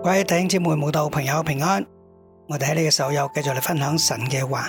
各位弟兄姊妹、慕道朋友平安，我哋喺你嘅手遊繼續嚟分享神嘅話。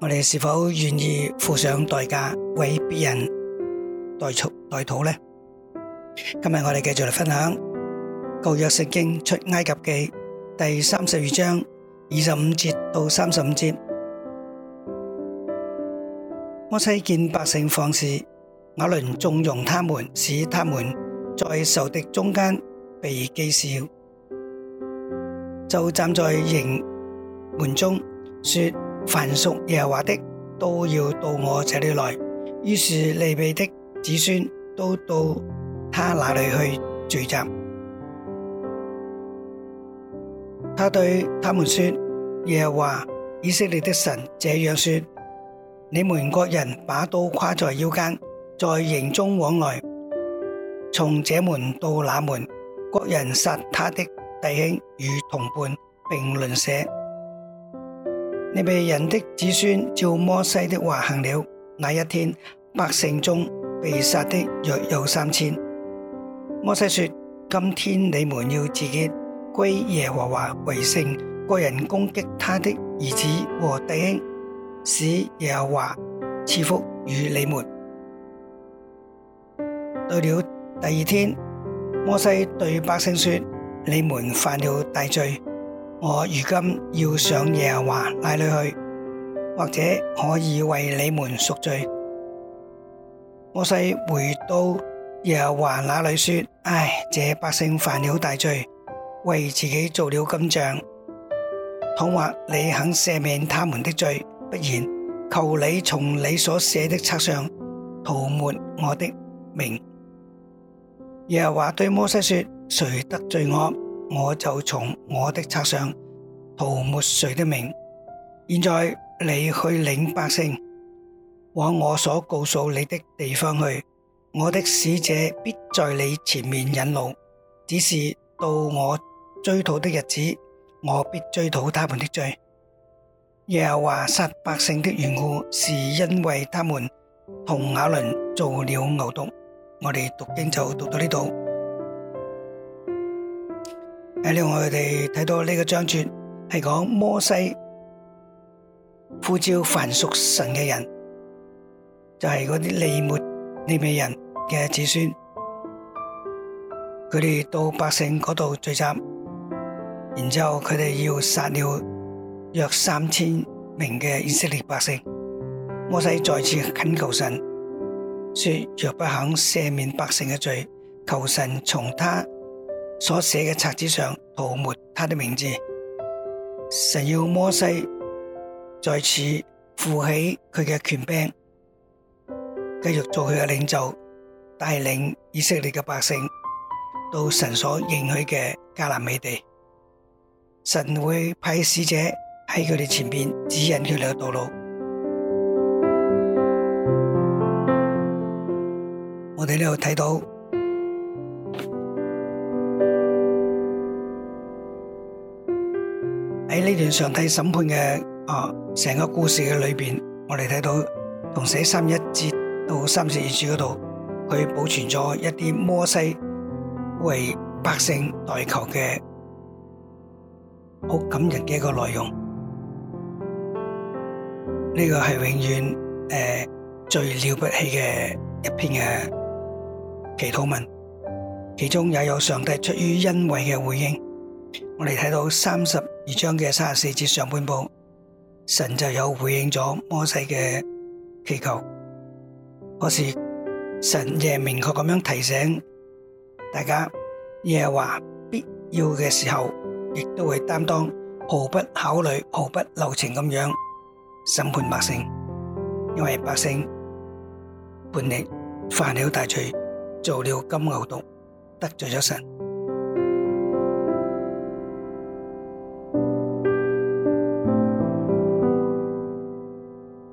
我哋是否願意付上代價為別人代贖代禱呢？今日我哋繼續嚟分享《舊約聖經出埃及記》第三十二章二十五節到三十五節。摩西見百姓放肆，亞倫縱容他們，使他們，在仇敵中間被譏刺，就站在營門中說：凡屬耶和華的，都要到我這裏來。於是利未的子孫都到他那裏去聚集。他對他們說：耶和華以色列的神這樣說：你們各人把刀跨在腰間，在營中往來。從這門到那門，各人殺他的弟兄與同伴，並鄰舍。利未人的子孫照摩西的話行了。那一天，百姓中被殺的約有三千。摩西說：今天你們要自潔歸耶和華為聖，各人攻擊他的兒子和弟兄，使耶和華賜福與你們。對了。第二天，摩西對百姓說：你們犯了大罪，我如今要上耶和華那裏去，或者可以為你們贖罪。摩西回到耶和華那裏說：唉，這百姓犯了大罪，為自己做了金像，倘若你肯赦免他們的罪，不然，求你從你所寫的冊上塗抹我的名。耶和華對摩西說：誰得罪我，我就從我的冊上塗抹誰的名。現在你去領百姓往我所告訴你的地方去，我的使者必在你前面引路。只是到我追討的日子，我必追討他們的罪。耶和華殺百姓的緣故，是因為他們同亞倫做了牛犢。我哋讀經就讀到呢度，另外，我哋睇到呢個章節係講摩西呼召凡屬神嘅人，就係嗰啲利末利未人嘅子孫，佢哋到百姓嗰度聚集，然之後佢哋要殺掉約三千名嘅以色列百姓，摩西再次懇求神。說若不肯赦免百姓嘅罪，求神從他所寫嘅冊子上塗抹他的名字。神要摩西在此負起佢嘅權柄，繼續做佢嘅領袖，帶領以色列嘅百姓到神所應許嘅迦南美地。神會派使者喺佢哋前面指引佢哋嘅道路。我哋呢度睇到喺呢段上帝審判嘅啊成個故事嘅裏面，我哋睇到從寫三一節到三十二節嗰度，佢保存咗一啲摩西為百姓代求嘅好感人嘅一個內容。呢個係永遠誒最了不起嘅一篇嘅。祈禱文，其中也有上帝出於恩惠嘅回應。我哋睇到三十二章嘅三十四節上半部，神就有回應咗摩西嘅祈求。可是神亦係明確咁樣提醒大家，亦係話必要嘅時候，亦都會擔當，毫不考慮，毫不留情咁樣審判百姓，因為百姓叛逆，犯咗大罪。做了金牛犢得罪咗神。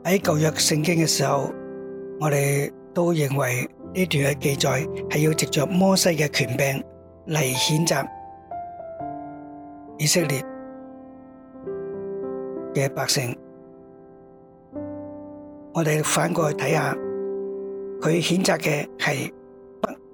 喺舊約聖經嘅時候，我哋都認為呢段嘅記載係要藉着摩西嘅權柄嚟譴責以色列嘅百姓。我哋反過去睇下，佢譴責嘅係。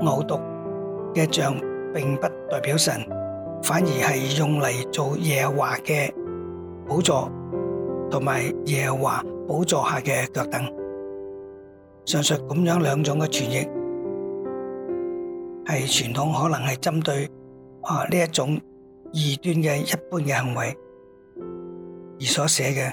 牛犢嘅像，並不代表神，反而係用嚟做耶和華嘅寶座，同埋耶和華寶座下嘅腳凳。上述咁樣兩種嘅詮釋，係傳統可能係針對啊呢一種異端嘅一般嘅行為而所寫嘅。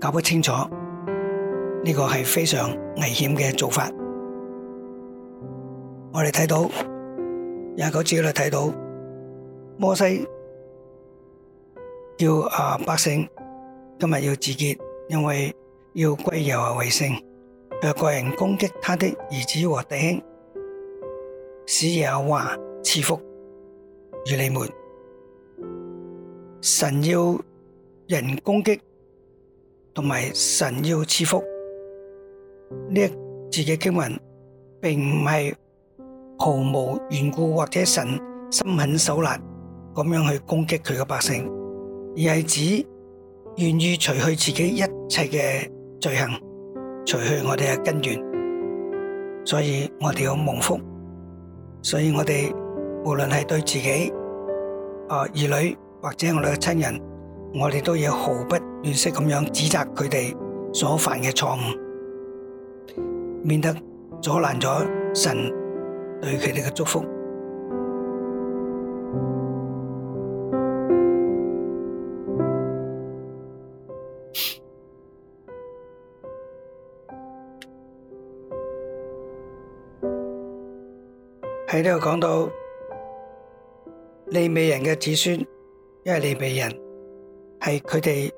搞不清楚呢個係非常危險嘅做法。我哋睇到，廿九節，我哋睇到，摩西叫百姓今日要自潔，因為要歸耶和華為聖。若各人攻擊他的兒子和弟兄，使耶和華賜福與你們，神要人攻擊。同埋神要賜福呢，自己經文並唔係毫無緣故或者神心狠手辣咁樣去攻擊佢嘅百姓，而係指願意除去自己一切嘅罪行，除去我哋嘅根源。所以，我哋要蒙福。所以我哋無論係對自己啊兒女或者我哋嘅親人，我哋都要毫不。亂識咁樣指責佢哋所犯嘅錯誤，免得阻攔咗神對佢哋嘅祝福。喺呢度講到利未人嘅子孫，因為利未人係佢哋。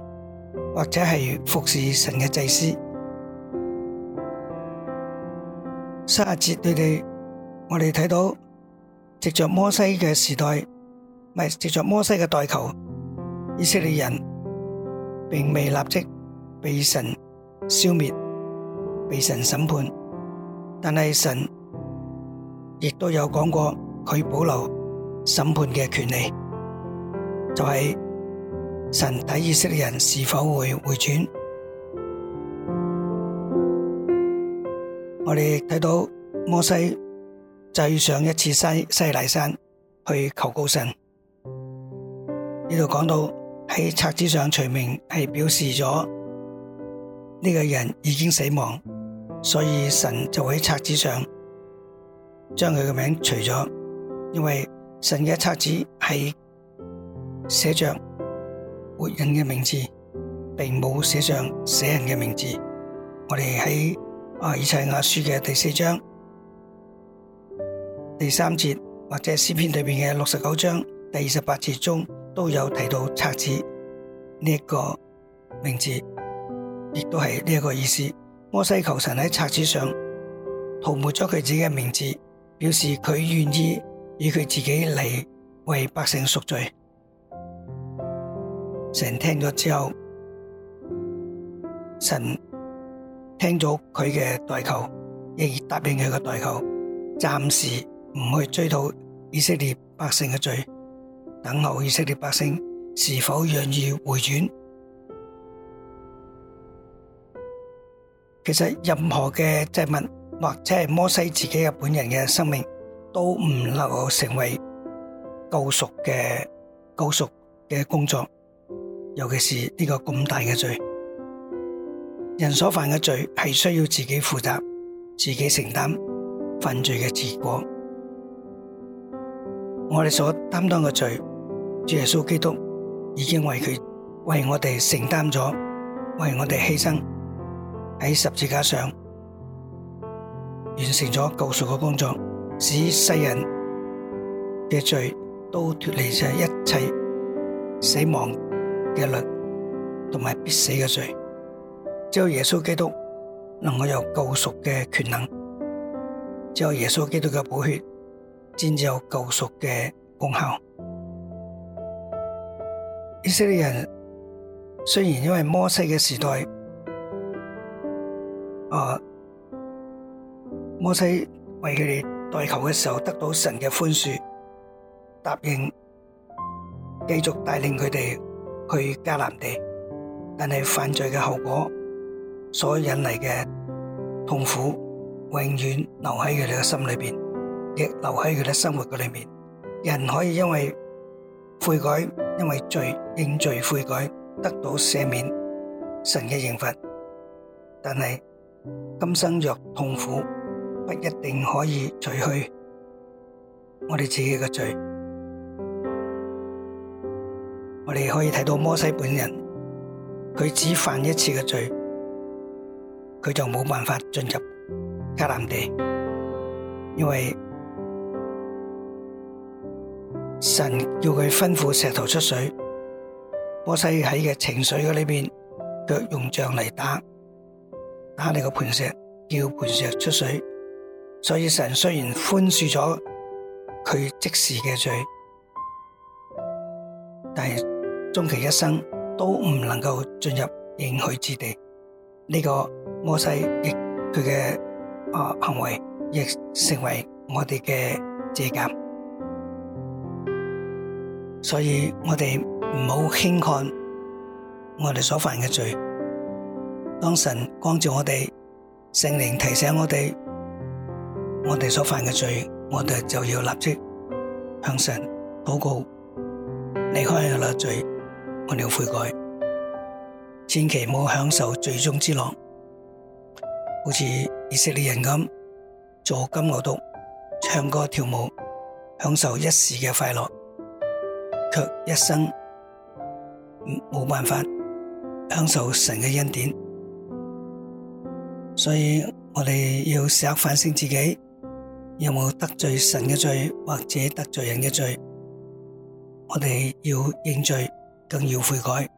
或者係服侍神嘅祭司，阿哲，你哋，我哋睇到，藉着摩西嘅時代，唔係藉着摩西嘅代求，以色列人並未立即被神消滅，被神審判，但係神亦都有講過佢保留審判嘅權利，就係、是。神體意識嘅人是否會回轉？我哋睇到摩西就要上一次西西奈山去求告神。呢度講到喺冊子上除名係表示咗呢個人已經死亡，所以神就喺冊子上將佢嘅名除咗，因為神嘅冊子係寫着。活人嘅名字，並冇寫上死人嘅名字。我哋喺啊，以賽亞書嘅第四章第三節，或者詩篇裏邊嘅六十九章第二十八節中，都有提到冊子呢一個名字，亦都係呢一個意思。摩西求神喺冊子上塗抹咗佢自己嘅名字，表示佢願意以佢自己嚟為百姓贖罪。神聽咗之後，神聽咗佢嘅代求，亦答應佢嘅代求，暫時唔去追討以色列百姓嘅罪，等候以色列百姓是否願意回轉。其實任何嘅祭物，或者係摩西自己嘅本人嘅生命，都唔能夠成為救贖嘅救贖嘅工作。尤其是呢個咁大嘅罪，人所犯嘅罪係需要自己負責、自己承擔犯罪嘅結果。我哋所擔當嘅罪，主耶穌基督已經為佢、為我哋承擔咗，為我哋犧牲喺十字架上，完成咗救贖嘅工作，使世人嘅罪都脫離咗一切死亡。嘅律同埋必死嘅罪，只有耶穌基督能夠有救贖嘅權能，只有耶穌基督嘅寶血先至有救贖嘅功效。以色列人雖然因為摩西嘅時代，啊，摩西為佢哋代求嘅時候得到神嘅寬恕，答應繼續帶領佢哋。去迦南地，但係犯罪嘅後果所引嚟嘅痛苦，永遠留喺佢哋嘅心裏邊，亦留喺佢哋生活嘅裏面。人可以因為悔改，因為罪認罪悔改得到赦免，神嘅刑罰，但係今生若痛苦，不一定可以除去我哋自己嘅罪。我哋可以睇到摩西本人，佢只犯一次嘅罪，佢就冇辦法進入迦南地，因為神叫佢吩咐石頭出水，摩西喺嘅情緒 𠮶 裏邊，佢用杖嚟，打打你個磐石，叫磐石出水，所以神雖然寬恕咗佢即時嘅罪，但係。終其一生都唔能夠進入應許之地，呢、這個摩西亦佢嘅行為亦成為我哋嘅借鑒，所以我哋唔好輕看我哋所犯嘅罪。當神光照我哋，聖靈提醒我哋我哋所犯嘅罪，我哋就要立即向神禱告，離開嗰粒罪。悔改，千祈唔好享受最終之樂，好似以色列人咁做金牛犢、唱歌跳舞，享受一時嘅快樂，卻一生冇辦法享受神嘅恩典。所以我哋要時刻反省自己，有冇得罪神嘅罪，或者得罪人嘅罪？我哋要認罪。更要悔改，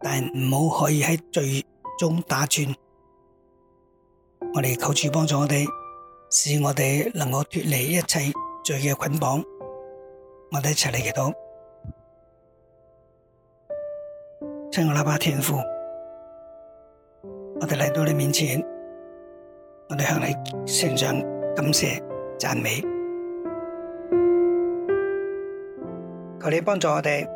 但唔好可以喺罪中打轉。我哋求主幫助我哋，使我哋能夠脫離一切罪嘅捆綁。我哋一齊嚟祈禱，親愛的阿爸天父，我哋嚟到你面前，我哋向你獻上感謝讚美，求你幫助我哋。